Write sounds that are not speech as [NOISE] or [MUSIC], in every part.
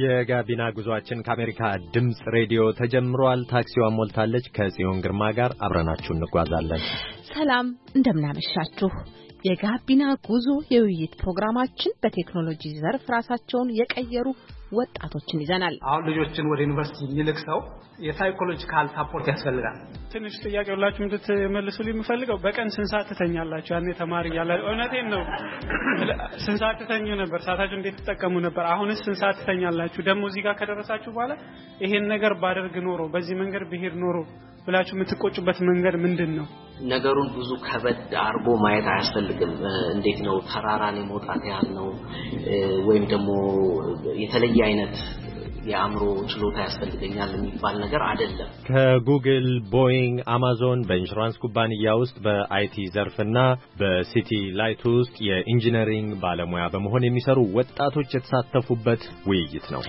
የጋቢና ጉዟችን ከአሜሪካ ድምፅ ሬዲዮ ተጀምሯል። ታክሲዋ ሞልታለች። ከጽዮን ግርማ ጋር አብረናችሁ እንጓዛለን። ሰላም፣ እንደምናመሻችሁ። የጋቢና ጉዞ የውይይት ፕሮግራማችን በቴክኖሎጂ ዘርፍ ራሳቸውን የቀየሩ ወጣቶችን ይዘናል። አሁን ልጆችን ወደ ዩኒቨርሲቲ የሚልክ ሰው የሳይኮሎጂካል ሳፖርት ያስፈልጋል። ትንሽ ጥያቄ ሁላችሁ እንድትመልሱ የምፈልገው በቀን ስንት ሰዓት ትተኛላችሁ? ያኔ ተማሪ እያለ እውነቴን ነው። ስንት ሰዓት ትተኙ ነበር? ሰዓታችሁ እንዴት ትጠቀሙ ነበር? አሁንስ ስንት ሰዓት ትተኛላችሁ? ደግሞ እዚህ ጋር ከደረሳችሁ በኋላ ይሄን ነገር ባደርግ ኖሮ፣ በዚህ መንገድ ብሄድ ኖሮ ብላችሁ የምትቆጩበት መንገድ ምንድን ነው? ነገሩን ብዙ ከበድ አድርጎ ማየት አያስፈልግም። እንዴት ነው ተራራን የመውጣት ያህል ነው ወይም ደግሞ የተለየ አይነት የአእምሮ ችሎታ ያስፈልገኛል የሚባል ነገር አይደለም። ከጉግል፣ ቦይንግ፣ አማዞን በኢንሹራንስ ኩባንያ ውስጥ በአይቲ ዘርፍና በሲቲ ላይት ውስጥ የኢንጂነሪንግ ባለሙያ በመሆን የሚሰሩ ወጣቶች የተሳተፉበት ውይይት ነው።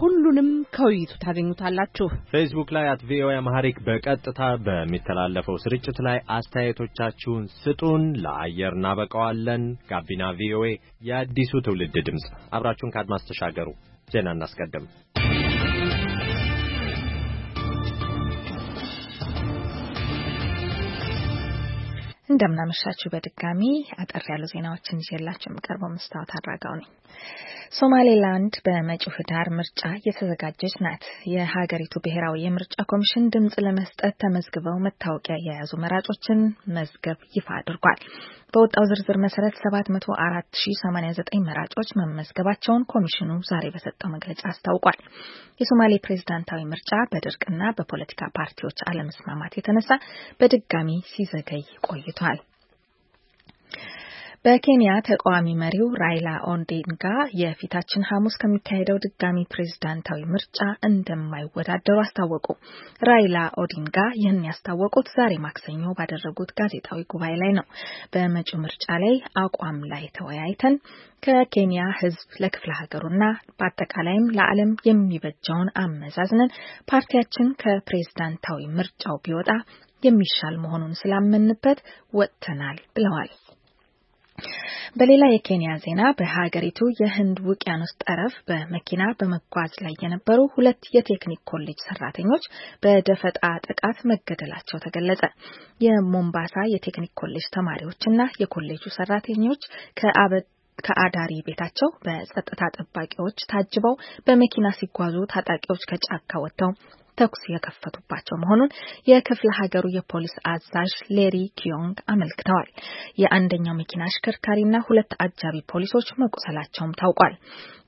ሁሉንም ከውይይቱ ታገኙታላችሁ። ፌስቡክ ላይ አት ቪኦኤ አማሪክ በቀጥታ በሚተላለፈው ስርጭት ላይ አስተያየቶቻችሁን ስጡን፣ ለአየር እናበቀዋለን። ጋቢና ቪኦኤ የአዲሱ ትውልድ ድምፅ፣ አብራችሁን ከአድማስ ተሻገሩ። ዜና እናስቀድም። እንደምናመሻችሁ በድጋሚ አጠር ያሉ ዜናዎችን ይዤላችሁ የምቀርበው መስታወት አድራጋው ነኝ። ሶማሌላንድ በመጪው ህዳር ምርጫ እየተዘጋጀች ናት። የሀገሪቱ ብሔራዊ የምርጫ ኮሚሽን ድምፅ ለመስጠት ተመዝግበው መታወቂያ የያዙ መራጮችን መዝገብ ይፋ አድርጓል። በወጣው ዝርዝር መሰረት 704089 መራጮች መመዝገባቸውን ኮሚሽኑ ዛሬ በሰጠው መግለጫ አስታውቋል። የሶማሌ ፕሬዝዳንታዊ ምርጫ በድርቅና በፖለቲካ ፓርቲዎች አለመስማማት የተነሳ በድጋሚ ሲዘገይ ቆይቷል። በኬንያ ተቃዋሚ መሪው ራይላ ኦንዲንጋ የፊታችን ሐሙስ ከሚካሄደው ድጋሚ ፕሬዝዳንታዊ ምርጫ እንደማይወዳደሩ አስታወቁ። ራይላ ኦዲንጋ ይህን ያስታወቁት ዛሬ ማክሰኞ ባደረጉት ጋዜጣዊ ጉባኤ ላይ ነው። በመጪው ምርጫ ላይ አቋም ላይ ተወያይተን ከኬንያ ሕዝብ ለክፍለ ሀገሩና በአጠቃላይም ለዓለም የሚበጃውን አመዛዝነን ፓርቲያችን ከፕሬዝዳንታዊ ምርጫው ቢወጣ የሚሻል መሆኑን ስላመንበት ወጥተናል ብለዋል። በሌላ የኬንያ ዜና በሀገሪቱ የህንድ ውቅያኖስ ጠረፍ በመኪና በመጓዝ ላይ የነበሩ ሁለት የቴክኒክ ኮሌጅ ሰራተኞች በደፈጣ ጥቃት መገደላቸው ተገለጸ። የሞምባሳ የቴክኒክ ኮሌጅ ተማሪዎችና የኮሌጁ ሰራተኞች ከአበ ከአዳሪ ቤታቸው በጸጥታ ጠባቂዎች ታጅበው በመኪና ሲጓዙ ታጣቂዎች ከጫካ ወጥተው ተኩስ የከፈቱባቸው መሆኑን የክፍለ ሀገሩ የፖሊስ አዛዥ ሌሪ ኪዮንግ አመልክተዋል። የአንደኛው መኪና አሽከርካሪና ሁለት አጃቢ ፖሊሶች መቁሰላቸውም ታውቋል።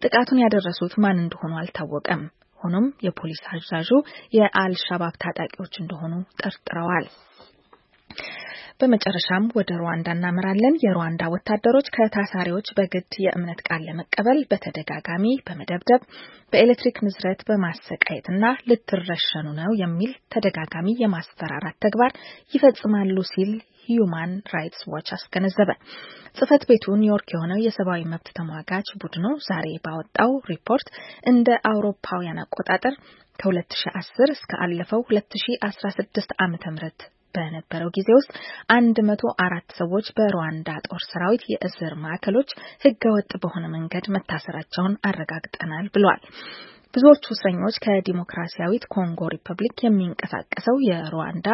ጥቃቱን ያደረሱት ማን እንደሆኑ አልታወቀም። ሆኖም የፖሊስ አዛዡ የአልሻባብ ታጣቂዎች እንደሆኑ ጠርጥረዋል። በመጨረሻም ወደ ሩዋንዳ እናመራለን። የሩዋንዳ ወታደሮች ከታሳሪዎች በግድ የእምነት ቃል ለመቀበል በተደጋጋሚ በመደብደብ በኤሌክትሪክ ንዝረት በማሰቃየትና ልትረሸኑ ነው የሚል ተደጋጋሚ የማስፈራራት ተግባር ይፈጽማሉ ሲል ሂዩማን ራይትስ ዋች አስገነዘበ። ጽህፈት ቤቱ ኒውዮርክ የሆነው የሰብአዊ መብት ተሟጋች ቡድኑ ዛሬ ባወጣው ሪፖርት እንደ አውሮፓውያን አቆጣጠር ከ2010 እስከ አለፈው 2016 ዓ ም በነበረው ጊዜ ውስጥ 104 ሰዎች በሩዋንዳ ጦር ሰራዊት የእስር ማዕከሎች ህገወጥ በሆነ መንገድ መታሰራቸውን አረጋግጠናል ብሏል። ብዙዎቹ እስረኞች ከዲሞክራሲያዊት ኮንጎ ሪፐብሊክ የሚንቀሳቀሰው የሩዋንዳ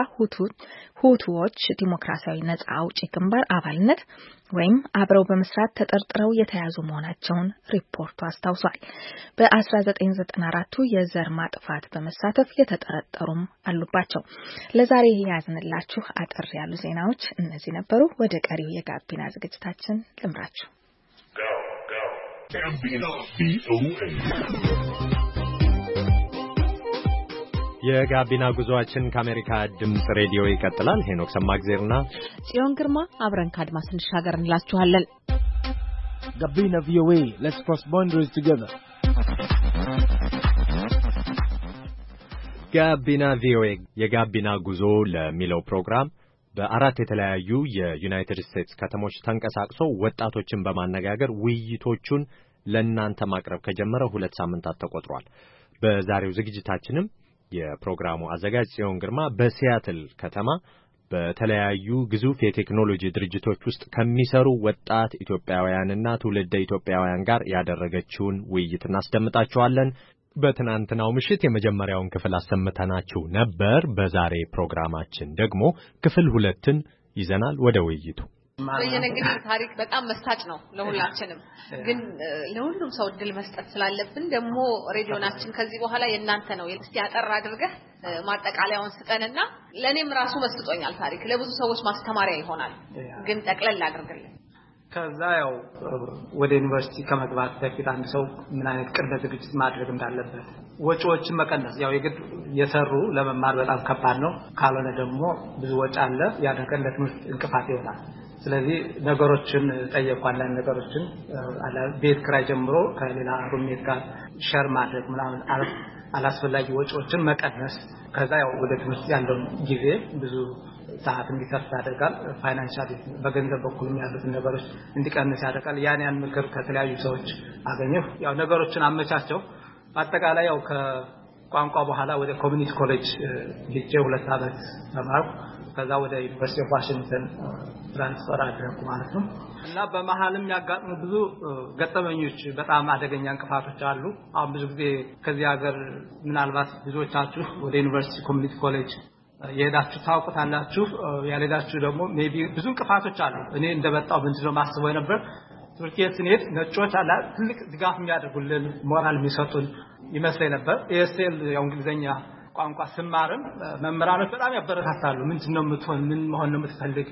ሁቱዎች ዲሞክራሲያዊ ነጻ አውጪ ግንባር አባልነት ወይም አብረው በመስራት ተጠርጥረው የተያዙ መሆናቸውን ሪፖርቱ አስታውሷል። በ1994ቱ የዘር ማጥፋት በመሳተፍ የተጠረጠሩም አሉባቸው። ለዛሬ የያዝንላችሁ አጠር ያሉ ዜናዎች እነዚህ ነበሩ። ወደ ቀሪው የጋቢና ዝግጅታችን ልምራችሁ። የጋቢና ጉዞአችን ከአሜሪካ ድምፅ ሬዲዮ ይቀጥላል። ሄኖክ ሰማግዜርና ጽዮን ግርማ አብረን ከአድማስ እንሻገር እንላችኋለን። ጋቢና ቪኦኤ ሌትስ ክሮስ ቦንደሪስ ቱጌዘር ጋቢና ቪኦኤ የጋቢና ጉዞ ለሚለው ፕሮግራም በአራት የተለያዩ የዩናይትድ ስቴትስ ከተሞች ተንቀሳቅሶ ወጣቶችን በማነጋገር ውይይቶቹን ለእናንተ ማቅረብ ከጀመረ ሁለት ሳምንታት ተቆጥሯል። በዛሬው ዝግጅታችንም የፕሮግራሙ አዘጋጅ ጽዮን ግርማ በሲያትል ከተማ በተለያዩ ግዙፍ የቴክኖሎጂ ድርጅቶች ውስጥ ከሚሰሩ ወጣት ኢትዮጵያውያንና ትውልደ ኢትዮጵያውያን ጋር ያደረገችውን ውይይት እናስደምጣችኋለን። በትናንትናው ምሽት የመጀመሪያውን ክፍል አሰምተናችሁ ነበር። በዛሬ ፕሮግራማችን ደግሞ ክፍል ሁለትን ይዘናል። ወደ ውይይቱ በየነ ታሪክ በጣም መስታጭ ነው ለሁላችንም። [LAUGHS] ግን ለሁሉም ሰው እድል መስጠት ስላለብን ደግሞ ሬዲዮናችን ከዚህ በኋላ የእናንተ ነው። እስቲ አጠር አድርገህ ማጠቃለያውን ስጠንና ለእኔም ራሱ መስጦኛል ታሪክ ለብዙ ሰዎች ማስተማሪያ ይሆናል። ግን ጠቅለል አድርግልን። ከዛ ያው ወደ ዩኒቨርሲቲ ከመግባት በፊት አንድ ሰው ምን አይነት ቅድመ ዝግጅት ማድረግ እንዳለበት ወጪዎችን መቀነስ። ያው የግድ የሰሩ ለመማር በጣም ከባድ ነው። ካልሆነ ደግሞ ብዙ ወጪ አለ። ያ ነገር ለትምህርት እንቅፋት ይሆናል። ስለዚህ ነገሮችን ጠየቁ። አንዳንድ ነገሮችን ቤት ክራይ ጀምሮ ከሌላ ሩሜት ጋር ሸር ማድረግ ምናምን አላስፈላጊ ወጪዎችን መቀነስ። ከዛ ያው ወደ ትምህርት ያለውን ጊዜ ብዙ ሰዓት እንዲሰርፍ ያደርጋል። ፋይናንሻል በገንዘብ በኩል ያሉትን ነገሮች እንዲቀንስ ያደርጋል። ያን ያን ምክር ከተለያዩ ሰዎች አገኘሁ። ያው ነገሮችን አመቻቸው። በአጠቃላይ ያው ከቋንቋ በኋላ ወደ ኮሚኒቲ ኮሌጅ ሄጄ ሁለት አመት ተማርኩ። ከዛ ወደ ዩኒቨርሲቲ ኦፍ ዋሽንግተን ትራንስፈር አድረኩ ማለት ነው። እና በመሀልም ያጋጥሙ ብዙ ገጠመኞች፣ በጣም አደገኛ እንቅፋቶች አሉ። አሁን ብዙ ጊዜ ከዚህ ሀገር ምናልባት ብዙዎቻችሁ ወደ ዩኒቨርሲቲ ኮሚኒቲ ኮሌጅ የሄዳችሁ ታውቁታላችሁ። ያልሄዳችሁ ደግሞ ቢ ብዙ እንቅፋቶች አሉ። እኔ እንደመጣው ምንድነው ማስበው ነበር ትምህርት ቤት ስንሄድ ነጮች አለ ትልቅ ድጋፍ የሚያደርጉልን ሞራል የሚሰጡን ይመስለኝ ነበር። ኤስኤል ያው እንግሊዝኛ ቋንቋ ስማርም መምህራኖች በጣም ያበረታታሉ። ምንድን ነው የምትሆን? ምን መሆን ነው የምትፈልግ?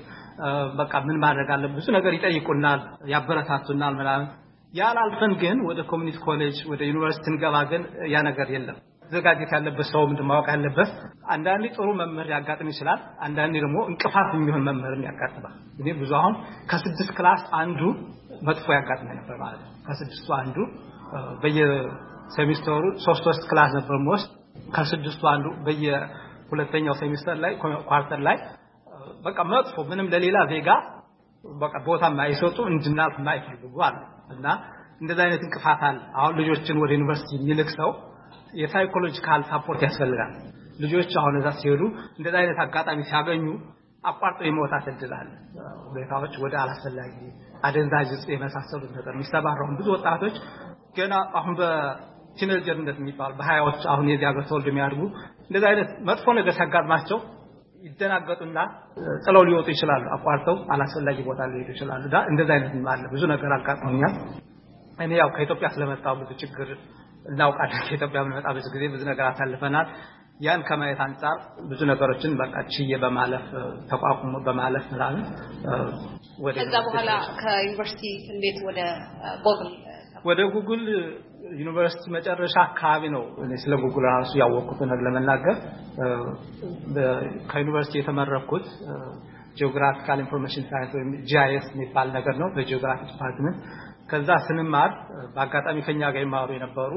በቃ ምን ማድረግ አለ? ብዙ ነገር ይጠይቁናል፣ ያበረታቱናል ምናምን። ያላልፈን ግን ወደ ኮሚኒቲ ኮሌጅ ወደ ዩኒቨርሲቲ እንገባ ግን ያ ነገር የለም። ዘጋጀት ያለበት ሰው ምንድን ማወቅ ያለበት አንዳንዴ ጥሩ መምህር ያጋጥም ይችላል። አንዳንዴ ደግሞ እንቅፋት የሚሆን መምህርም ያጋጥማል። እኔ ብዙ አሁን ከስድስት ክላስ አንዱ መጥፎ ያጋጥመ ነበር ማለት ነው። ከስድስቱ አንዱ በየሴሚስተሩ ሶስት ሶስት ክላስ ነበር የምወስድ ከስድስቱ አንዱ በየሁለተኛው ሴሚስተር ላይ ኳርተር ላይ በቃ መጥፎ ምንም ለሌላ ዜጋ በቃ ቦታ የማይሰጡ እንድናልፍ የማይፈልጉ አሉ እና እንደዚህ አይነት እንቅፋት አለ። አሁን ልጆችን ወደ ዩኒቨርሲቲ የሚልክ ሰው የሳይኮሎጂካል ሳፖርት ያስፈልጋል። ልጆች አሁን እዛ ሲሄዱ እንደዚህ አይነት አጋጣሚ ሲያገኙ አቋርጦ የመውጣት እድል አለ። ሁኔታዎች ወደ አላስፈላጊ አደንዛዥ እጽ የመሳሰሉት ነገር የሚሰባረውን ብዙ ወጣቶች ገና አሁን ቲኔጀርነት የሚባል በሀያዎች አሁን የዚህ ሀገር ተወልዶ የሚያድጉ እንደዚህ አይነት መጥፎ ነገር ሲያጋጥማቸው ይደናገጡና ጥለው ሊወጡ ይችላሉ። አቋርተው አላስፈላጊ ቦታ ሊሄዱ ይችላሉ። ዳ እንደዚህ አይነት አለ። ብዙ ነገር አጋጥሞኛል። እኔ ያው ከኢትዮጵያ ስለመጣው ብዙ ችግር እናውቃለን። ከኢትዮጵያ ብንመጣ ብዙ ጊዜ ብዙ ነገር አሳልፈናል። ያን ከማየት አንጻር ብዙ ነገሮችን በቃ ችዬ በማለፍ ተቋቁሞ በማለፍ ምናምን ወደ ከዛ በኋላ ከዩኒቨርሲቲ እንዴት ወደ ጎግል ወደ ጉግል ዩኒቨርሲቲ መጨረሻ አካባቢ ነው ስለ ጉግል ራሱ ያወቅኩት ነገር ለመናገር ከዩኒቨርሲቲ የተመረኩት ጂኦግራፊካል ኢንፎርሜሽን ሳይንስ ወይም ጂአይኤስ የሚባል ነገር ነው በጂኦግራፊ ዲፓርትመንት ከዛ ስንማር በአጋጣሚ ከኛ ጋር ይማሩ የነበሩ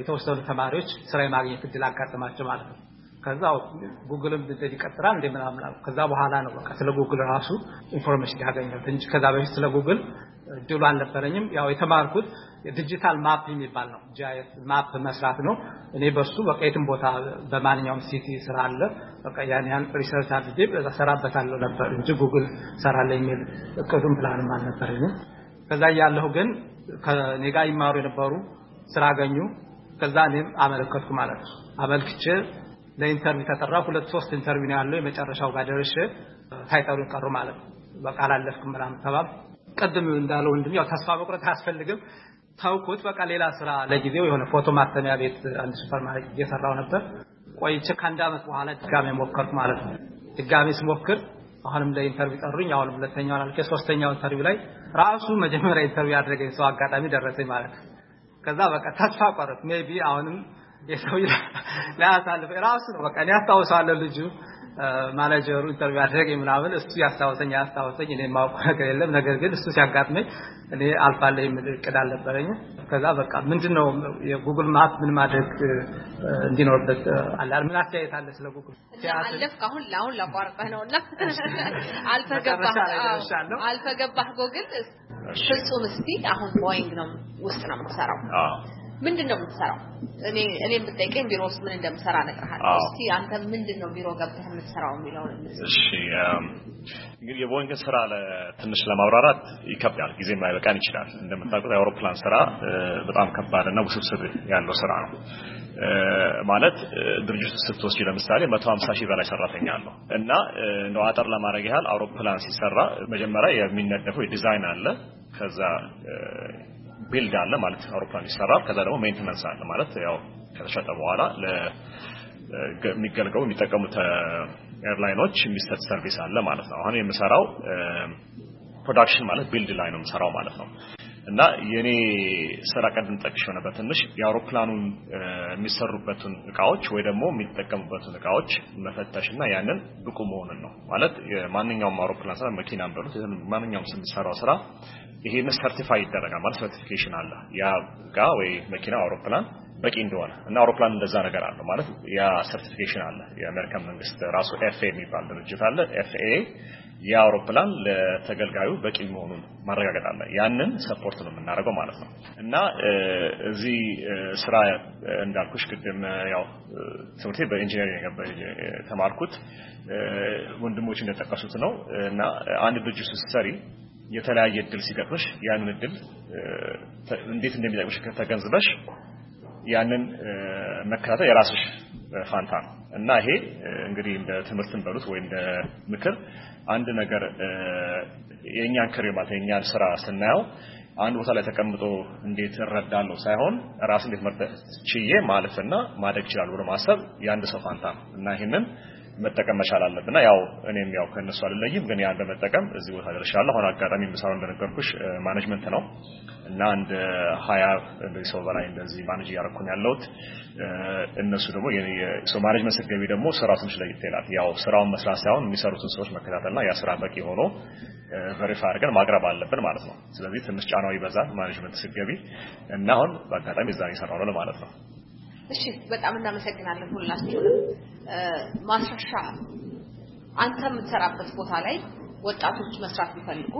የተወሰኑ ተማሪዎች ስራ የማግኘት እድል አጋጥማቸው ማለት ነው ከዛ ጉግልም እንደዚህ ይቀጥራል እንደ ምናምን ከዛ በኋላ ነው በቃ ስለ ጉግል ራሱ ኢንፎርሜሽን ያገኘት እንጂ ከዛ በፊት ስለ ጉግል እድሉ አልነበረኝም ያው የተማርኩት የዲጂታል ማፕ የሚባል ነው። ጂአይኤስ ማፕ መስራት ነው። እኔ በሱ በቃ የትም ቦታ በማንኛውም ሲቲ ስራ አለ። በቃ ያን ያን ሪሰርች አድርጌ እሰራበታለሁ ነበር እንጂ ጉግል ሰራለሁ የሚል እቅዱም ፕላንም አልነበረኝም። ከዛ እያለሁ ግን ከኔ ጋር ይማሩ የነበሩ ስራ አገኙ። ከዛ እኔም አመለከትኩ ማለት ነው። አመልክቼ ለኢንተርቪው ተጠራ። ሁለት ሶስት ኢንተርቪው ነው ያለው። የመጨረሻው ጋር ደርሼ ታይጠሩን ቀሩ ማለት ነው። በቃ አላለፍኩም ምናምን ተባብ ቅድም እንዳለው ወንድም ያው ተስፋ መቁረጥ አያስፈልግም። ታውቁት በቃ ሌላ ስራ ለጊዜው የሆነ ፎቶ ማተሚያ ቤት አንድ ሱፐር ማርኬት እየሰራው ነበር። ቆይቼ ከአንድ አመት በኋላ ድጋሜ ሞከርኩ ማለት ነው። ድጋሜ ስሞክር አሁንም ለኢንተርቪው ጠሩኝ። አሁን ሁለተኛውን አልፌ ሶስተኛው ኢንተርቪው ላይ ራሱ መጀመሪያ ኢንተርቪው ያደረገኝ ሰው አጋጣሚ ደረሰኝ ማለት ነው። ከዛ በቃ ተስፋ ቆረጥ ሜቢ አሁንም የሰው ላያሳልፍ ራሱ ነው በቃ እኔ አስታውሳለሁ ልጁ ማናጀሩ ኢንተርቪው አደረገኝ ምናምን እሱ ያስታወሰኝ ያስታወሰኝ እኔ ማውቀ ነገር የለም ነገር ግን እሱ ሲያጋጥመኝ እኔ አልፋለሁ የሚል እቅድ አልነበረኝ ከዛ በቃ ምንድነው የጉግል ማፕ ምን ማድረግ እንዲኖርበት አላል ምን አስተያየት አለ ስለ ጉግል አለፍ ካሁን ለአሁን ላቋርጠህ ነው ነውና አልፈገባህ አልፈገባህ ጉግል ፍጹም እስቲ አሁን ቦይንግ ነው ውስጥ ነው የምትሰራው ምንድን ነው የምትሰራው? እኔ እኔ የምጠይቀኝ ቢሮ ውስጥ ምን እንደምሰራ እነግርሃለሁ። እስቲ አንተ ምንድን ነው ቢሮ ገብተህ የምትሰራው የሚለው። እሺ እንግዲህ የቦይንግን ስራ ትንሽ ለማብራራት ይከብዳል፣ ጊዜ ማይበቃን ይችላል። እንደምታውቁት የአውሮፕላን ስራ በጣም ከባድ እና ውስብስብ ያለው ስራ ነው። ማለት ድርጅቱ ስትወስጂ ለምሳሌ መቶ ሀምሳ ሺህ በላይ ሰራተኛ አለው እና እንደው አጠር ለማድረግ ያህል አውሮፕላን ሲሰራ መጀመሪያ የሚነደፈው ዲዛይን አለ ከዛ ቢልድ አለ ማለት አውሮፕላን ይሰራል። ከዛ ደግሞ ሜንቴናንስ አለ ማለት ያው ከተሸጠ በኋላ የሚገልገው የሚጠቀሙት ኤርላይኖች የሚሰጥ ሰርቪስ አለ ማለት ነው። አሁን የምሰራው ፕሮዳክሽን ማለት ቢልድ ላይ ነው የምሰራው ማለት ነው። እና የኔ ስራ ቀደም ጠቅሼው ነበር ትንሽ የአውሮፕላኑን የሚሰሩበትን እቃዎች ወይ ደግሞ የሚጠቀሙበትን እቃዎች መፈተሽ እና ያንን ብቁ መሆንን ነው ማለት ማንኛውም አውሮፕላን ስራ መኪና በሉት ማንኛውም ስንሰራው ስራ ይሄን ሰርቲፋይ ይደረጋል ማለት ሰርቲፊኬሽን አለ ያ እቃ ወይ መኪና አውሮፕላን በቂ እንደሆነ እና አውሮፕላን እንደዛ ነገር አለ ማለት ያ ሰርቲፊኬሽን አለ። የአሜሪካን መንግስት ራሱ ኤፍኤ የሚባል ድርጅት አለ። ኤፍኤ ያ አውሮፕላን ለተገልጋዩ በቂ መሆኑን ማረጋገጥ አለ። ያንን ሰፖርት ነው የምናደርገው ማለት ነው። እና እዚህ ስራ እንዳልኩሽ ቅድም ያው ትምህርቴ በኢንጂነሪንግ የተማርኩት ወንድሞች እንደጠቀሱት ነው እና አንድ ድርጅት ስትሰሪ የተለያየ እድል ሲገጥምሽ ያንን እድል እንዴት እንደሚጠቅምሽ ተገንዝበሽ ያንን መከታተል የራስሽ ፋንታ ነው እና ይሄ እንግዲህ እንደ ትምህርትን በሉት ወይ እንደ ምክር አንድ ነገር የእኛን ክሬ ማለት የእኛን ስራ ስናየው አንድ ቦታ ላይ ተቀምጦ እንዴት እረዳለሁ ሳይሆን ራስ እንዴት መርጠ ችዬ ማለፍና ማደግ ይችላል ብሎ ማሰብ የአንድ ሰው ፋንታ ነው እና ይህንን መጠቀም መቻል አለብና ያው እኔም ያው ከነሱ አልለይም፣ ግን ያን በመጠቀም እዚህ ቦታ ደርሻለሁ። አሁን አጋጣሚ የምሰራው እንደነገርኩሽ ማኔጅመንት ነው እና አንድ ሀያ እንደዚህ ሰው በላይ እንደዚህ ማኔጅ እያደረኩኝ ያለሁት እነሱ ደግሞ ሰው ማኔጅመንት ስትገቢ ደግሞ ስራው ትንሽ ለየት ይላል። ያው ስራውን መስራት ሳይሆን የሚሰሩትን ሰዎች መከታተልና ያ ስራ በቂ ሆኖ ቨሪፋይ አድርገን ማቅረብ አለብን ማለት ነው። ስለዚህ ትንሽ ጫናው ይበዛል ማኔጅመንት ስትገቢ እና አሁን በአጋጣሚ እዛ ነው ነው ማለት ነው። እሺ በጣም እናመሰግናለን ሁላችሁንም። ማስረሻ አንተ የምትሰራበት ቦታ ላይ ወጣቶች መስራት ቢፈልጉ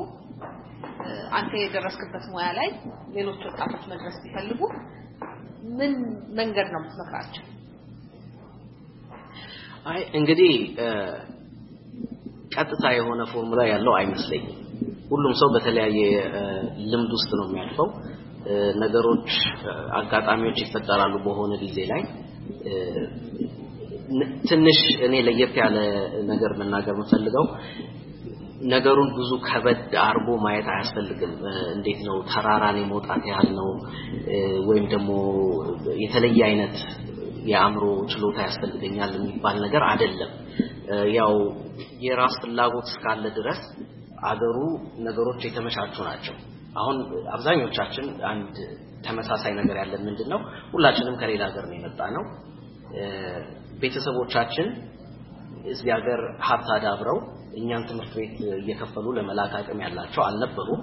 አንተ የደረስክበት ሙያ ላይ ሌሎች ወጣቶች መድረስ ቢፈልጉ ምን መንገድ ነው የምትመክራቸው? አይ እንግዲህ ቀጥታ የሆነ ፎርሙላ ያለው አይመስለኝም። ሁሉም ሰው በተለያየ ልምድ ውስጥ ነው የሚያልፈው። ነገሮች፣ አጋጣሚዎች ይፈጠራሉ በሆነ ጊዜ ላይ ትንሽ እኔ ለየት ያለ ነገር መናገር የምፈልገው ነገሩን ብዙ ከበድ አርጎ ማየት አያስፈልግም። እንዴት ነው ተራራን የመውጣት ያህል ነው ወይም ደግሞ የተለየ አይነት የአእምሮ ችሎታ ያስፈልገኛል የሚባል ነገር አይደለም። ያው የራስ ፍላጎት እስካለ ድረስ አገሩ ነገሮች የተመቻቹ ናቸው። አሁን አብዛኞቻችን አንድ ተመሳሳይ ነገር ያለን ምንድን ነው ሁላችንም ከሌላ ሀገር ነው የመጣ ነው ቤተሰቦቻችን እዚህ ሀገር ሀብት አዳብረው እኛን ትምህርት ቤት እየከፈሉ ለመላክ አቅም ያላቸው አልነበሩም።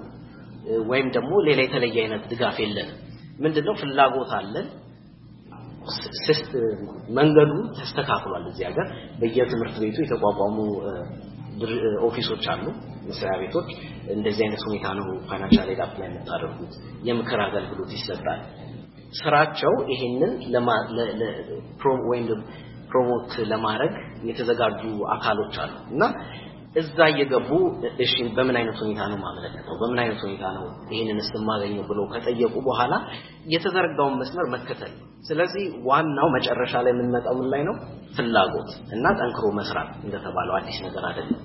ወይም ደግሞ ሌላ የተለየ አይነት ድጋፍ የለንም። ምንድነው ፍላጎት አለን። መንገዱ ተስተካክሏል። እዚህ ሀገር በየትምህርት ቤቱ የተቋቋሙ ኦፊሶች አሉ፣ መስሪያ ቤቶች። እንደዚህ አይነት ሁኔታ ነው ፋይናንሻል ኤድ አፕላይ የምታደርጉት፣ የምክር አገልግሎት ይሰጣል። ስራቸው ይሄንን ወይም ፕሮሞት ለማድረግ የተዘጋጁ አካሎች አሉ እና እዛ እየገቡ እሺ በምን አይነት ሁኔታ ነው ማመለከተው፣ በምን አይነት ሁኔታ ነው ይሄንን እስማገኘው ብለው ከጠየቁ በኋላ የተዘረጋውን መስመር መከተል። ስለዚህ ዋናው መጨረሻ ላይ የምንመጣው ላይ ነው? ፍላጎት እና ጠንክሮ መስራት። እንደተባለው አዲስ ነገር አይደለም።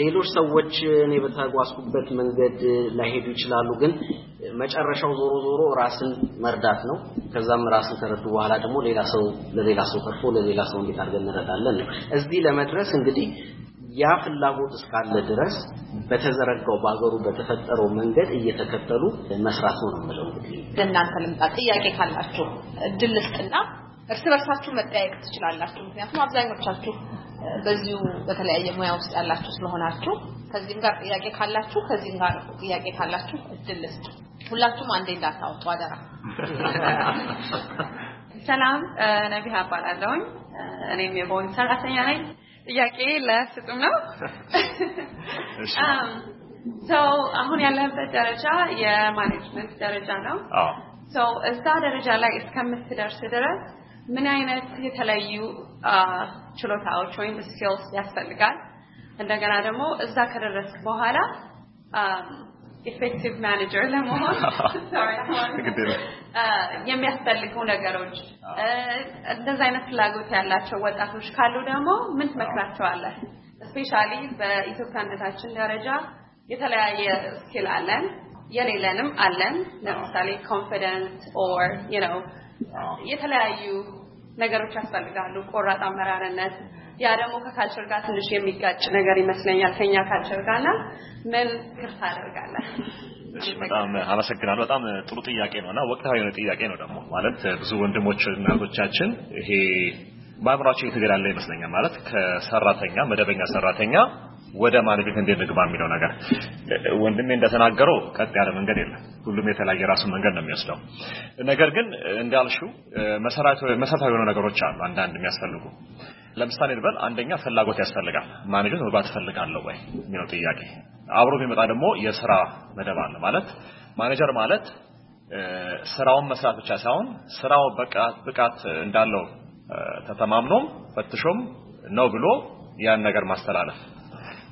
ሌሎች ሰዎች እኔ በተጓዝኩበት መንገድ ላይሄዱ ይችላሉ፣ ግን መጨረሻው ዞሮ ዞሮ ራስን መርዳት ነው። ከዛም ራስን ከረዱ በኋላ ደግሞ ሌላ ሰው ለሌላ ሰው ተርፎ ለሌላ ሰው እንዴት አድርገን እንረዳለን ነው። እዚህ ለመድረስ እንግዲህ ያ ፍላጎት እስካለ ድረስ በተዘረጋው በአገሩ በተፈጠረው መንገድ እየተከተሉ መስራት ነው የምለው። እንግዲህ ለእናንተ ልምጣ። ጥያቄ ካላችሁ እድል ልስጥና እርስ በርሳችሁ መጠያየቅ ትችላላችሁ። ምክንያቱም አብዛኞቻችሁ በዚሁ በተለያየ ሙያ ውስጥ ያላችሁ ስለሆናችሁ ከዚህም ጋር ጥያቄ ካላችሁ ከዚህም ጋር ጥያቄ ካላችሁ እድል ልስጥ። ሁላችሁም አንዴ እንዳታወጡ አደራ። ሰላም፣ ነቢህ አባላለሁኝ። እኔም የቦን ሰራተኛ ነኝ። ጥያቄ ለስጡም ነው። አሁን ያለህበት ደረጃ የማኔጅመንት ደረጃ ነው። እዛ ደረጃ ላይ እስከምትደርስ ድረስ ምን አይነት የተለያዩ ችሎታዎች ወይም ስኪልስ ያስፈልጋል? እንደገና ደግሞ እዛ ከደረስክ በኋላ um, ኢፌክቲቭ ማኔጀር ለመሆን የሚያስፈልጉ ነገሮች እንደዚህ አይነት ፍላጎት ያላቸው ወጣቶች ካሉ ደግሞ ምን ትመክራቸዋለህ? ስፔሻሊ በኢትዮጵያ ደረጃ የተለያየ ስኪል አለን፣ የሌለንም አለን። ለምሳሌ ኮንፊደንስ ኦር የተለያዩ ነገሮች ያስፈልጋሉ፣ ቆራጥ አመራርነት ያ ደግሞ ከካልቸር ጋር ትንሽ የሚጋጭ ነገር ይመስለኛል ከኛ ካልቸር ጋርና ምን ክፍት አደርጋለን። በጣም አመሰግናለሁ። በጣም ጥሩ ጥያቄ እና ወቅታዊ የሆነ ጥያቄ ነው ደግሞ ማለት ብዙ ወንድሞች እናቶቻችን ይሄ በአእምሯቸው የተገዳለ ይመስለኛል ማለት ከሰራተኛ መደበኛ ሰራተኛ ወደ ማኔጅመንት እንዴት ንግባ የሚለው ነገር ወንድሜ እንደተናገረው ቀጥ ያለ መንገድ የለም። ሁሉም የተለያየ ራሱን መንገድ ነው የሚወስደው። ነገር ግን እንዳልሹ መሰረታዊ የሆኑ ነገሮች አሉ አንዳንድ የሚያስፈልጉ ለምሳሌ ልበል፣ አንደኛ ፍላጎት ያስፈልጋል። ማኔጀር መግባት እፈልጋለሁ ወይ የሚለው ጥያቄ አብሮ የሚመጣ ደግሞ የስራ መደብ አለ። ማለት ማኔጀር ማለት ስራውን መስራት ብቻ ሳይሆን ስራው ብቃት ብቃት እንዳለው ተተማምኖም ፈትሾም ነው ብሎ ያን ነገር ማስተላለፍ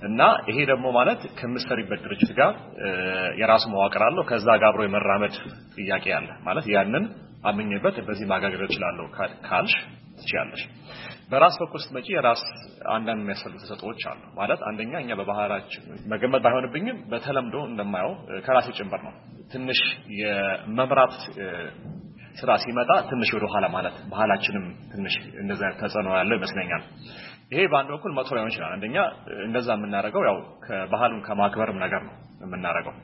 እና ይሄ ደግሞ ማለት ከምትሰሪበት ድርጅት ጋር የራሱ መዋቅር አለው። ከዛ ጋር አብሮ የመራመድ ጥያቄ አለ። ማለት ያንን አምኜበት በዚህ ማጋገር እችላለሁ ካልሽ ትችላለሽ። በራስ በኩል ስትመጪ የራስ አንዳንድ የሚያስፈልጉ ተሰጥኦዎች አሉ። ማለት አንደኛ እኛ በባህላችን መገመት ባይሆንብኝም በተለምዶ እንደማየው ከራሴ ጭምር ነው ትንሽ የመምራት ስራ ሲመጣ ትንሽ ወደ ኋላ ማለት ባህላችንም ትንሽ እንደዛ ተጽዕኖ ያለው ይመስለኛል። ይሄ በአንድ በኩል መጥፎ ላይሆን ይችላል። አንደኛ እንደዛ የምናደርገው ያው ከባህሉን ከማክበርም ነገር ነው የምናደርገው።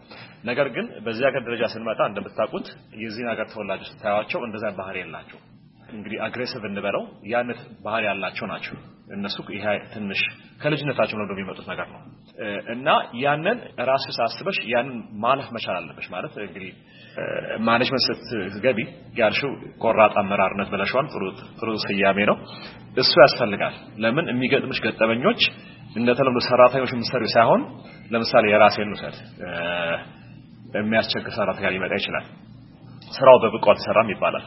ነገር ግን በዚህ ሀገር ደረጃ ስንመጣ እንደምታውቁት የዚህ ሀገር ተወላጆች ስታያቸው እንደዛ ባህሪ የላቸው እንግዲህ አግሬሲቭ እንበለው ያነት ባህሪ ያላቸው ናቸው። እነሱ ይሄ ትንሽ ከልጅነታቸው ነው የሚመጡት ነገር ነው እና ያንን ራስ ሳስበሽ ያንን ማለፍ መቻል አለበሽ። ማለት እንግዲህ ማኔጅመንት ስትገቢ ያልሽው ቆራጥ አመራርነት ብለሽዋል። ጥሩ ጥሩ ስያሜ ነው። እሱ ያስፈልጋል። ለምን የሚገጥምሽ ገጠመኞች ተለምዶ ሰራተኞች የምትሰሪው ሳይሆን ለምሳሌ የራሴን ውሰድ፣ የሚያስቸግር ሰራተኛ ሊመጣ ይችላል። ስራው በብቃት ሰራም ይባላል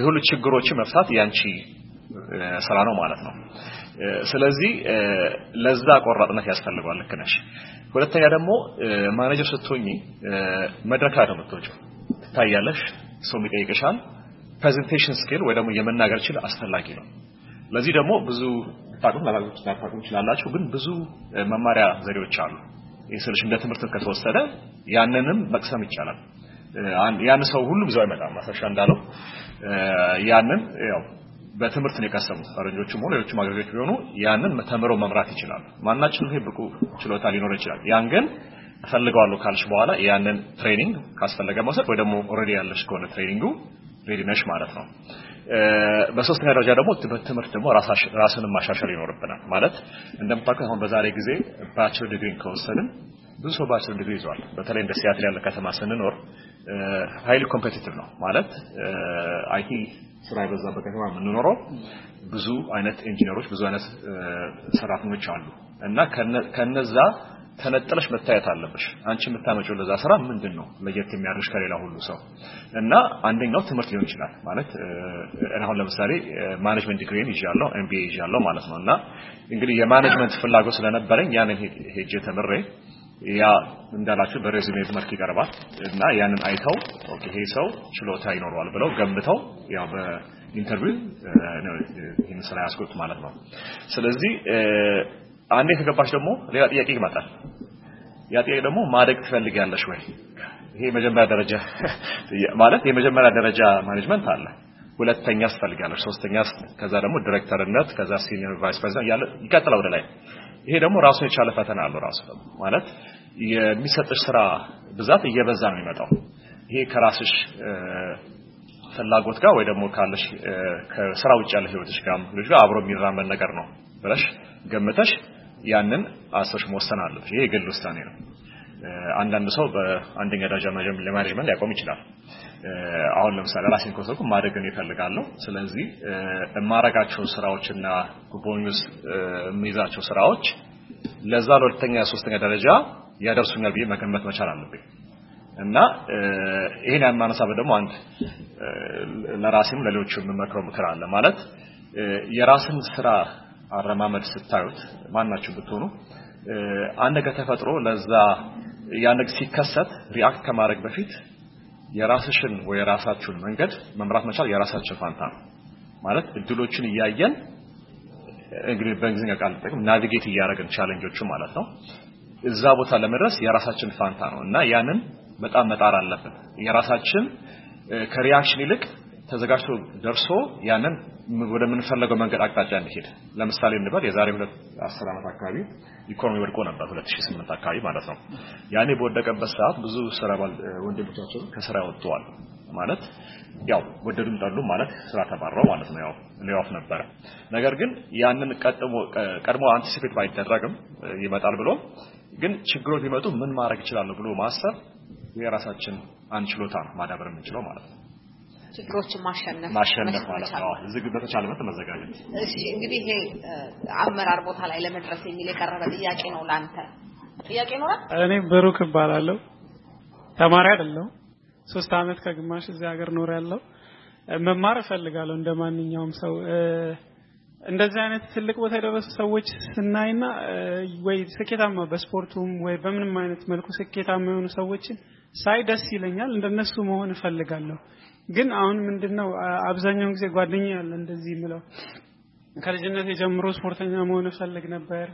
የሁሉ ችግሮችን መፍታት ያንቺ ስራ ነው ማለት ነው። ስለዚህ ለዛ ቆራጥነት ያስፈልጋል። ልክ ነሽ። ሁለተኛ ደግሞ ማኔጀር ስትሆኚ መድረክ ላይ ነው የምትወጪው፣ ትታያለሽ፣ ሰው ይጠይቅሻል። ፕሬዘንቴሽን ስኪል ወይ ደግሞ የመናገር ችል አስፈላጊ ነው። ለዚህ ደግሞ ብዙ ታቁም ላታቁም ይችላላችሁ፣ ግን ብዙ መማሪያ ዘዴዎች አሉ። ይህ ስልሽ እንደ ትምህርት ከተወሰደ ያንንም መቅሰም ይቻላል። ያን ሰው ሁሉ ብዙ አይመጣም። ማሳሻ እንዳለው ያንን ያው በትምህርት ነው የቀሰሙት ፈረንጆችም ሆነ ሌሎችም አገሮች ቢሆኑ ያንን ተምረው መምራት ይችላሉ። ማናችንም ይሄ ብቁ ችሎታ ሊኖር ይችላል። ያን ግን እፈልገዋለሁ ካልሽ በኋላ ያንን ትሬኒንግ ካስፈለገ መውሰድ ወይ ደግሞ ኦልሬዲ ያለሽ ከሆነ ትሬኒንጉ ሬዲ ነሽ ማለት ነው። በሶስተኛ ደረጃ ደግሞ በትምህርት ደግሞ ራስን ማሻሻል ይኖርብናል። ማለት እንደምታውቀው አሁን በዛሬ ጊዜ ባቸው ዲግሪን ከወሰድን ብዙ ሰው ባቸው ዲግሪ ይዟል። በተለይ እንደ ሲያትል ያለ ከተማ ስንኖር ሀይሊ ኮምፔቲቲቭ ነው ማለት አይቲ ስራ የበዛበት ከተማ የምንኖረው ብዙ አይነት ኢንጂነሮች ብዙ አይነት ሰራተኞች አሉ እና ከነዛ ተነጥለሽ መታየት አለብሽ። አንቺ የምታመጪው ለዛ ስራ ምንድን ነው ለየት የሚያደርግሽ ከሌላ ሁሉ ሰው እና አንደኛው ትምህርት ሊሆን ይችላል። ማለት አሁን ለምሳሌ ማኔጅመንት ዲግሪን ይዣለሁ፣ ኤምቢኤ ይዣለሁ ማለት ነው እና እንግዲህ የማኔጅመንት ፍላጎት ስለነበረኝ ያንን ሄጄ ተምሬ ያ እንዳላችሁ በሬዝሜ መልክ ይቀርባል እና ያንን አይተው ይሄ ሰው ችሎታ ይኖረዋል ብለው ገምተው ያው በኢንተርቪው ይህን ስራ ያስቆጡ ማለት ነው። ስለዚህ አንዴ ከገባች ደግሞ ሌላ ጥያቄ ይመጣል። ያ ጥያቄ ደግሞ ማደግ ትፈልጊያለሽ ወይ? ይሄ የመጀመሪያ ደረጃ [LAUGHS] ማለት የመጀመሪያ ደረጃ ማኔጅመንት አለ። ሁለተኛ ትፈልጊያለሽ፣ ሶስተኛ፣ ከዛ ደግሞ ዲሬክተርነት፣ ከዛ ሲኒየር ቫይስ ፕሬዚዳንት ያለ ይቀጥላል ወደ ላይ ይሄ ደግሞ ራሱን የቻለ ፈተና አለው። ራሱ ደግሞ ማለት የሚሰጥሽ ስራ ብዛት እየበዛ ነው የሚመጣው። ይሄ ከራስሽ ፍላጎት ጋር ወይ ደግሞ ካለሽ ከስራ ውጭ ያለ ህይወትሽ ጋር ልጅ ጋር አብሮ የሚራመድ ነገር ነው ብለሽ ገምተሽ ያንን አሰሽ መወሰን አለብሽ። ይሄ የግል ውሳኔ ነው። አንዳንድ ሰው በአንደኛ ደረጃ ለማኔጅመንት ሊያቆም ይችላል። አሁን ለምሳሌ ራሴን ኮሰኩ ማድረግ ነው ይፈልጋለሁ። ስለዚህ የማረጋቸው ስራዎችና ቦኒስ የሚይዛቸው ስራዎች ለዛ ለሁለተኛ ሶስተኛ ደረጃ ያደርሱኛል ብዬ መገመት መቻል አለብኝ። እና ይሄን ያማነሳበት ደግሞ አንድ ለራሴም ለሌሎች የምመክረው ምክር አለ ማለት የራስን ስራ አረማመድ ስታዩት ማናችሁ ብትሆኑ አንድ ነገር ተፈጥሮ ለዛ ያ ነገር ሲከሰት ሪአክት ከማድረግ በፊት የራስሽን ወይ የራሳችሁን መንገድ መምራት መቻል የራሳችን ፋንታ ነው ማለት እድሎችን እያየን እንግዲህ በእንግሊዝኛ ቃል ጠቅም ናቪጌት እያደረግን ቻሌንጆቹ ማለት ነው እዛ ቦታ ለመድረስ የራሳችን ፋንታ ነው እና ያንን በጣም መጣር አለብን የራሳችን ከሪያክሽን ይልቅ ተዘጋጅቶ ደርሶ ያንን ወደምንፈለገው መንገድ አቅጣጫ እንዲሄድ ለምሳሌ እንበል የዛሬ ሁለት አስር ዓመት አካባቢ ኢኮኖሚ ወድቆ ነበር 2008 አካባቢ ማለት ነው። ያኔ በወደቀበት ሰዓት ብዙ ስራ ባል ወንድሞቻችን ከስራ ወጥተዋል ማለት ያው ወደዱም ጠሉም ማለት ስራ ተባረው ማለት ነው። ያው ሌኦፍ ነበረ። ነገር ግን ያንን ቀጥሞ ቀድሞ አንቲሲፔት ባይደረግም ይመጣል ብሎ ግን ችግሮች ቢመጡ ምን ማድረግ ይችላል ብሎ ማሰብ የራሳችን አንችሎታ ችሎታ ማዳበር የምንችለው ማለት ነው። ችግሮችን ማሸነፍ ማሸነፍ ማለት ነው። እዚህ በተቻለ መጠን መዘጋጀት። እሺ እንግዲህ ይሄ አመራር ቦታ ላይ ለመድረስ የሚል የቀረበ ጥያቄ ነው። ላንተ ጥያቄ ይኖራል? እኔ ብሩክ እባላለሁ። ተማሪ አይደለሁ። ሶስት አመት ከግማሽ እዚህ ሀገር ኖር ያለው መማር እፈልጋለሁ እንደማንኛውም ሰው እንደዚህ አይነት ትልቅ ቦታ የደረሱ ሰዎች ስናይና ወይ ስኬታማ በስፖርቱም ወይ በምንም አይነት መልኩ ስኬታማ የሆኑ ሰዎችን ሳይ ደስ ይለኛል። እንደነሱ መሆን እፈልጋለሁ። ግን አሁን ምንድነው አብዛኛውን ጊዜ ጓደኛ ያለ እንደዚህ የምለው ከልጅነት የጀምሮ ስፖርተኛ መሆን እፈልግ ነበር፣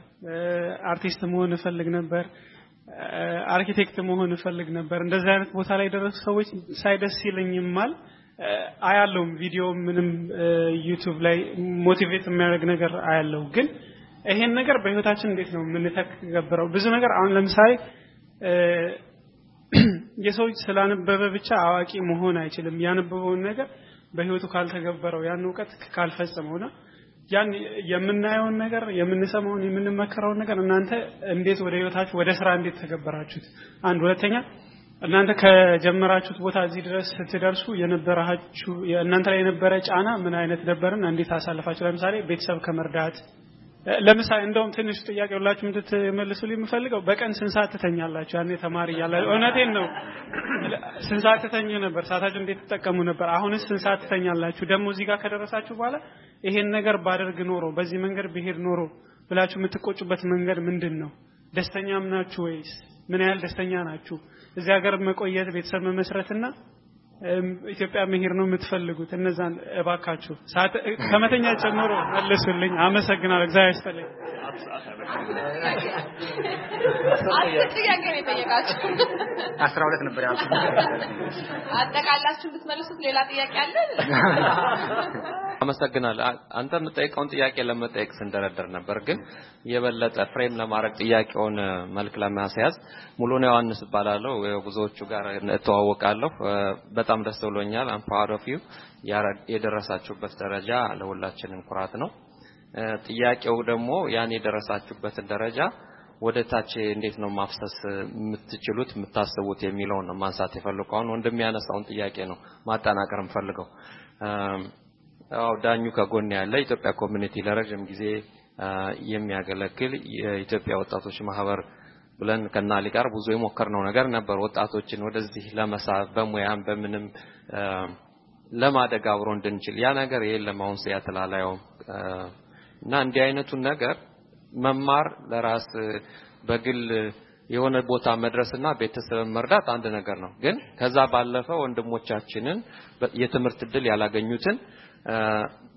አርቲስት መሆን እፈልግ ነበር፣ አርኪቴክት መሆን እፈልግ ነበር። እንደዚህ አይነት ቦታ ላይ የደረሱ ሰዎች ሳይ ደስ ይለኝማል። አያለውም ቪዲዮ ምንም ዩቲዩብ ላይ ሞቲቬት የሚያደርግ ነገር አያለው። ግን ይሄን ነገር በህይወታችን እንዴት ነው የምንተገብረው? ብዙ ነገር አሁን ለምሳሌ የሰው ልጅ ስላነበበ ብቻ አዋቂ መሆን አይችልም። ያነበበውን ነገር በህይወቱ ካልተገበረው ያን እውቀት ነው። ያን የምናየውን ነገር የምንሰማውን የምንመከረውን ነገር እናንተ እንዴት ወደ ህይወታችሁ ወደ ስራ እንዴት ተገበራችሁት? አንድ ሁለተኛ እናንተ ከጀመራችሁት ቦታ እዚህ ድረስ ስትደርሱ የነበራችሁ እናንተ ላይ የነበረ ጫና ምን አይነት ነበርና እንዴት አሳልፋችሁ? ለምሳሌ ቤተሰብ ከመርዳት ለምሳሌ እንደውም ትንሽ ጥያቄ ሁላችሁም እንድትመልሱልኝ የምፈልገው በቀን ስንት ሰዓት ትተኛላችሁ? ያኔ ተማሪ እያላችሁ እውነቴን ነው። ስንት ሰዓት ትተኙ ነበር? ሰዓታችሁ እንዴት ትጠቀሙ ነበር? አሁንስ ስንት ሰዓት ትተኛላችሁ? ደግሞ እዚህ ጋር ከደረሳችሁ በኋላ ይሄን ነገር ባደርግ ኖሮ፣ በዚህ መንገድ ብሄድ ኖሮ ብላችሁ የምትቆጩበት መንገድ ምንድን ነው? ደስተኛም ናችሁ ወይስ ምን ያህል ደስተኛ ናችሁ? እዚህ ሀገር መቆየት ቤተሰብ መመስረትና ኢትዮጵያ መሄድ ነው የምትፈልጉት? እነዛን እባካችሁ ከመተኛ ጨምሮ መልሱልኝ። አመሰግናል እግዚአብሔር ይስጥልኝ። አስራ ሁለት ነበር ያልኩት። አጠቃላችሁ ብትመልሱት ሌላ ጥያቄ አለ። አመሰግናለሁ። አንተ የምጠይቀውን ጥያቄ ለመጠየቅ ስንደረደር ነበር፣ ግን የበለጠ ፍሬም ለማድረግ ጥያቄውን መልክ ለማስያዝ ነው ዮሐንስ እባላለሁ። የጉዞዎቹ ጋር እተዋወቃለሁ። በጣም ደስ ብሎኛል። አም ፕራውድ ኦፍ ዩ። የደረሳችሁበት ደረጃ ለሁላችንም ኩራት ነው። ጥያቄው ደግሞ ያን የደረሳችሁበትን ደረጃ ወደ ታች እንዴት ነው ማፍሰስ የምትችሉት የምታስቡት የሚለውን ነው ማንሳት የፈልገው። አሁን ወንድም ያነሳውን ጥያቄ ነው ማጠናቀር የምፈልገው። አው ዳኙ ከጎን ያለ ኢትዮጵያ ኮሚኒቲ ለረጅም ጊዜ የሚያገለግል የኢትዮጵያ ወጣቶች ማህበር ብለን ከናሊ ጋር ብዙ የሞከርነው ነገር ነበር። ወጣቶችን ወደዚህ ለመሳብ በሙያም በምንም ለማደግ አብሮ እንድንችል ያ ነገር የለም። አሁን ሲያተላላዩ እና እንዲህ አይነቱን ነገር መማር ለራስ በግል የሆነ ቦታ መድረስና ቤተሰብን መርዳት አንድ ነገር ነው። ግን ከዛ ባለፈ ወንድሞቻችንን የትምህርት እድል ያላገኙትን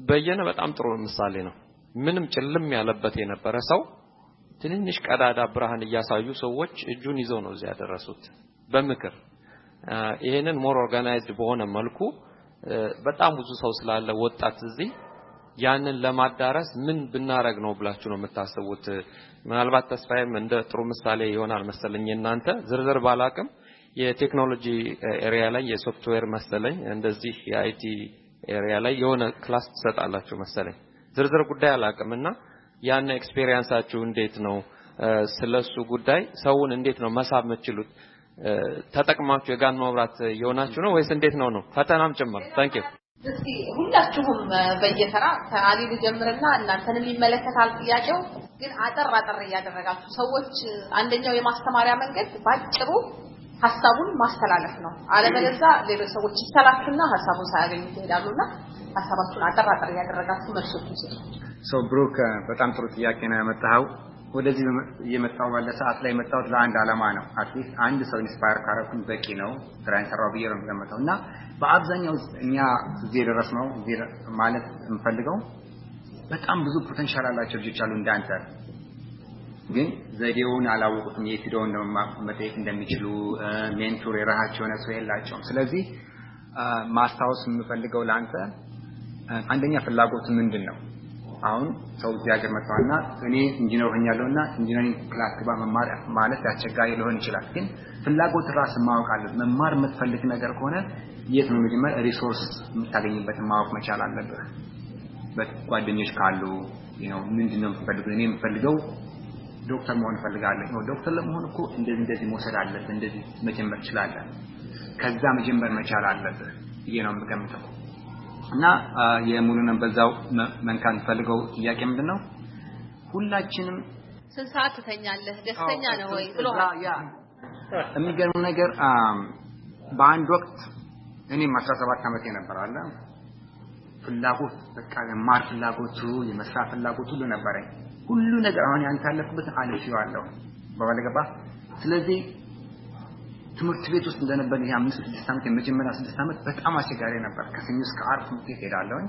በየነ በጣም ጥሩ ምሳሌ ነው። ምንም ጭልም ያለበት የነበረ ሰው ትንንሽ ቀዳዳ ብርሃን እያሳዩ ሰዎች እጁን ይዘው ነው እዚያ ያደረሱት በምክር ይሄንን ሞር ኦርጋናይዝድ በሆነ መልኩ በጣም ብዙ ሰው ስላለ ወጣት እዚህ ያንን ለማዳረስ ምን ብናረግ ነው ብላችሁ ነው የምታስቡት? ምናልባት ተስፋዬም እንደ ጥሩ ምሳሌ ይሆናል መሰለኝ። እናንተ ዝርዝር ባላቅም የቴክኖሎጂ ኤሪያ ላይ የሶፍትዌር መሰለኝ እንደዚህ የአይቲ ኤሪያ ላይ የሆነ ክላስ ትሰጣላችሁ መሰለኝ ዝርዝር ጉዳይ አላውቅም እና ያን ኤክስፔሪየንሳችሁ እንዴት ነው ስለሱ ጉዳይ ሰውን እንዴት ነው መሳብ የምትችሉት ተጠቅማችሁ የጋን መብራት የሆናችሁ ነው ወይስ እንዴት ነው ነው ፈተናም ጭምር ታንኪዩ እስቲ ሁላችሁም በየተራ ከአሊ ልጀምርና እናንተንም ይመለከታል ጥያቄው ግን አጠር አጠር እያደረጋችሁ ሰዎች አንደኛው የማስተማሪያ መንገድ ባጭሩ ሀሳቡን ማስተላለፍ ነው። አለበለዚያ ሌሎች ሰዎች ይተላክና ሀሳቡን ሳያገኙ ይሄዳሉና ሀሳባችሁን አጠራጠር ያደረጋችሁ መልሶችን ስጡ። ሶ ብሩክ፣ በጣም ጥሩ ጥያቄ ነው ያመጣኸው። ወደዚህ እየመጣው ባለ ሰዓት ላይ መጣሁት ለአንድ ዓላማ ነው። አትሊስት አንድ ሰው ኢንስፓየር ካረኩኝ በቂ ነው። ስራዬን ሰራው ብዬ ነው እና በአብዛኛው እኛ እዚህ የደረስነው ማለት የምፈልገው በጣም ብዙ ፖቴንሻል አላቸው ልጆች አሉ እንዳንተ ግን ዘዴውን አላወቁትም። የት ሄደው መጠየቅ እንደሚችሉ ሜንቶር የራሳቸው የሆነ ሰው የላቸውም። ስለዚህ ማስታወስ የምፈልገው ለአንተ አንደኛ ፍላጎት ምንድን ነው? አሁን ሰው እዚህ ሀገር መጥተዋልና እኔ ኢንጂነር ሆኛለሁ እና ኢንጂነሪንግ ክላስ ግባ መማር ማለት አስቸጋሪ ሊሆን ይችላል። ግን ፍላጎት ራስ ማወቅ አለብህ። መማር የምትፈልግ ነገር ከሆነ የት ነው መጀመር ሪሶርስ የምታገኝበትን ማወቅ መቻል አለብህ። በጓደኞች ካሉ ምንድን ነው የምትፈልገው? እኔ የምፈልገው ዶክተር መሆን እፈልጋለሁ። ዶክተር ለመሆን እኮ እንደዚህ እንደዚህ መውሰድ አለብህ፣ እንደዚህ መጀመር ትችላለህ፣ ከዛ መጀመር መቻል አለብህ ብዬ ነው የምገምተው። እና የሙሉንም በዛው መንካን ፈልገው ጥያቄ ምንድን ነው ሁላችንም ስንት ሰዓት ትተኛለህ? ደስተኛ ነው ወይ ብሎሃል። የሚገርመው ነገር በአንድ ወቅት እኔም 17 ዓመት የነበረ አለ ፍላጎት በቃ የማር ፍላጎቱ የመስራት ፍላጎት ሁሉ ነበረኝ። ሁሉ ነገር አሁን ያንተ ያለፍክበትን አልፌዋለሁ በኋላ ገባ ስለዚህ ትምህርት ቤት ውስጥ እንደነበር ይሄ አምስት ስድስት ዓመት የመጀመሪያ ስድስት ዓመት በጣም አስቸጋሪ ነበር ከሰኞ እስከ ዓርብ ትምህርት ቤት ሄዳለሁኝ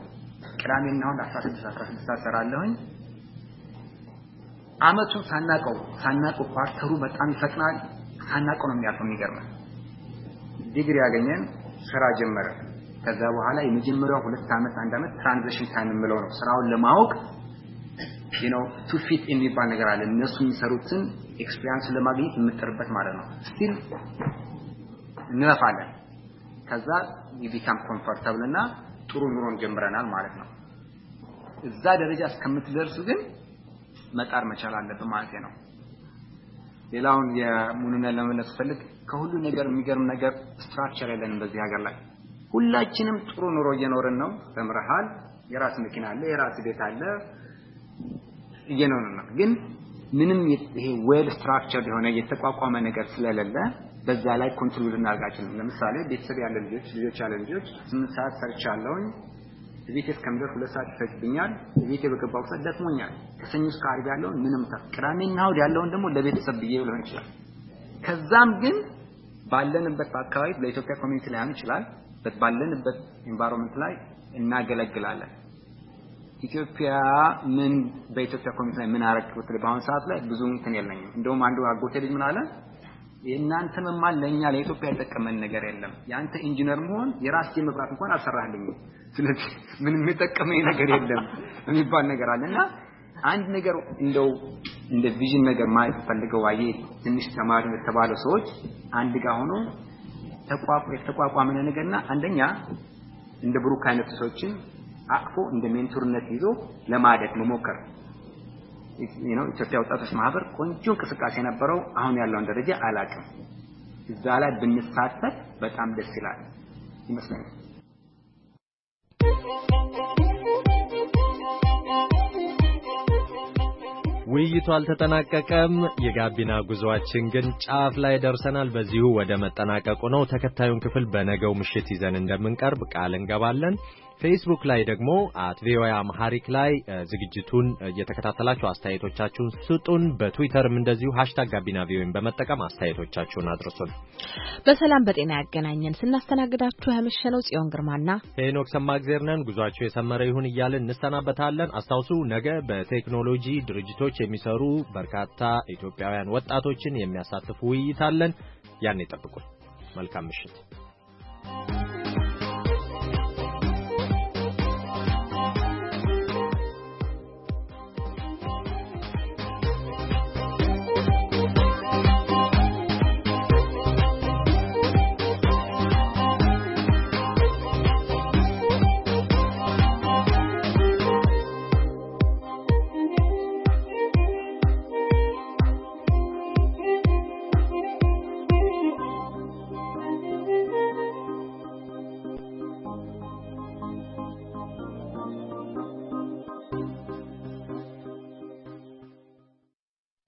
ቅዳሜ ቅዳሜና እሁድ 16 16 ሰዓት እሰራለሁኝ አመቱ ሳናቀው ሳናቀው ኳርተሩ በጣም ይፈጥናል ሳናቀው ነው የሚያልፈው የሚገርመን ዲግሪ ያገኘን ስራ ጀመረ ከዛ በኋላ የመጀመሪያው ሁለት አመት አንድ አመት ትራንዚሽን ታይም የምለው ነው ስራውን ለማወቅ ዩ ኖ ቱ ፊት የሚባል ነገር አለ። እነሱ የሚሰሩትን ኤክስፒሪያንስ ለማግኘት የምጠርበት ማለት ነው። ስቲል እንለፋለን። ከዛ ቢካም ኮምፎርታብል እና ጥሩ ኑሮን ጀምረናል ማለት ነው። እዛ ደረጃ እስከምትደርሱ ግን መጣር መቻል አለብን ማለት ነው። ሌላውን የሙኑነ ለመመለስ ፈልግ ከሁሉ ነገር የሚገርም ነገር ስትራክቸር የለንም በዚህ ሀገር ላይ ሁላችንም ጥሩ ኑሮ እየኖርን ነው። ተምረሃል፣ የራስ መኪና አለ፣ የራስ ቤት አለ፣ እየኖረ ነው። ግን ምንም ይሄ ዌል ስትራክቸር የሆነ የተቋቋመ ነገር ስለሌለ በዛ ላይ ኮንትሪቢዩት እናደርጋችንም። ለምሳሌ ቤተሰብ ያለ ልጆች ልጆች ያለ ልጆች ስምንት ሰዓት ሰርቻለሁኝ ቤቴ እስከምደርስ ሁለት ሰዓት ይፈጅብኛል። ቤቴ በገባሁ ሰዓት ደክሞኛል። ከሰኞ እስከ ዓርብ ያለውን ምንም ታ ቅዳሜና እሑድ ያለውን ደግሞ ለቤተሰብ ብዬ ሊሆን ይችላል። ከዛም ግን ባለንበት አካባቢ ለኢትዮጵያ ኮሚኒቲ ላይሆን ይችላል ባለንበት ኤንቫይሮንመንት ላይ እናገለግላለን። ኢትዮጵያ ምን በኢትዮጵያ ኮሚኒቲ ላይ ምን አረክ ብትል በአሁን ሰዓት ላይ ብዙ እንትን የለኝም። እንደውም አንዱ አጎቴ ልጅ ምን አለ የእናንተ መማል ለኛ ለኢትዮጵያ የጠቀመን ነገር የለም። ያንተ ኢንጂነር መሆን የራስ መብራት እንኳን አልሰራህልኝም። ስለዚህ ምን የሚጠቀመኝ ነገር የለም የሚባል ነገር አለ እና አንድ ነገር እንደው እንደ ቪዥን ነገር ማለት ፈልገው አየ ትንሽ ተማሪ የተባለ ሰዎች አንድ ጋር ሆኖ ተቋቋመ የተቋቋመ ነገርና አንደኛ እንደ ብሩክ አይነት ሰዎችን አቅፎ እንደ ሜንቶርነት ይዞ ለማደግ መሞከር ነው። ኢትዮጵያ ወጣቶች ማህበር ቆንጆ እንቅስቃሴ ነበረው። አሁን ያለውን ደረጃ አላቅም። እዛ ላይ ብንሳተፍ በጣም ደስ ይላል ይመስለኛል። ውይይቱ አልተጠናቀቀም። የጋቢና ጉዟችን ግን ጫፍ ላይ ደርሰናል። በዚሁ ወደ መጠናቀቁ ነው። ተከታዩን ክፍል በነገው ምሽት ይዘን እንደምንቀርብ ቃል እንገባለን። ፌስቡክ ላይ ደግሞ አት ቪኦኤ አምሃሪክ ላይ ዝግጅቱን እየተከታተላችሁ አስተያየቶቻችሁን ስጡን። በትዊተርም እንደዚሁ ሀሽታግ ጋቢና ቪኦኤን በመጠቀም አስተያየቶቻችሁን አድርሱን። በሰላም በጤና ያገናኘን። ስናስተናግዳችሁ ያመሸነው ጽዮን ግርማና ሄኖክ ሰማእግዜር ነን። ጉዟችሁ የሰመረ ይሁን እያልን እንሰናበታለን። አስታውሱ ነገ በቴክኖሎጂ ድርጅቶች የሚሰሩ በርካታ ኢትዮጵያውያን ወጣቶችን የሚያሳትፉ ውይይት አለን። ያኔ መልካም ምሽት።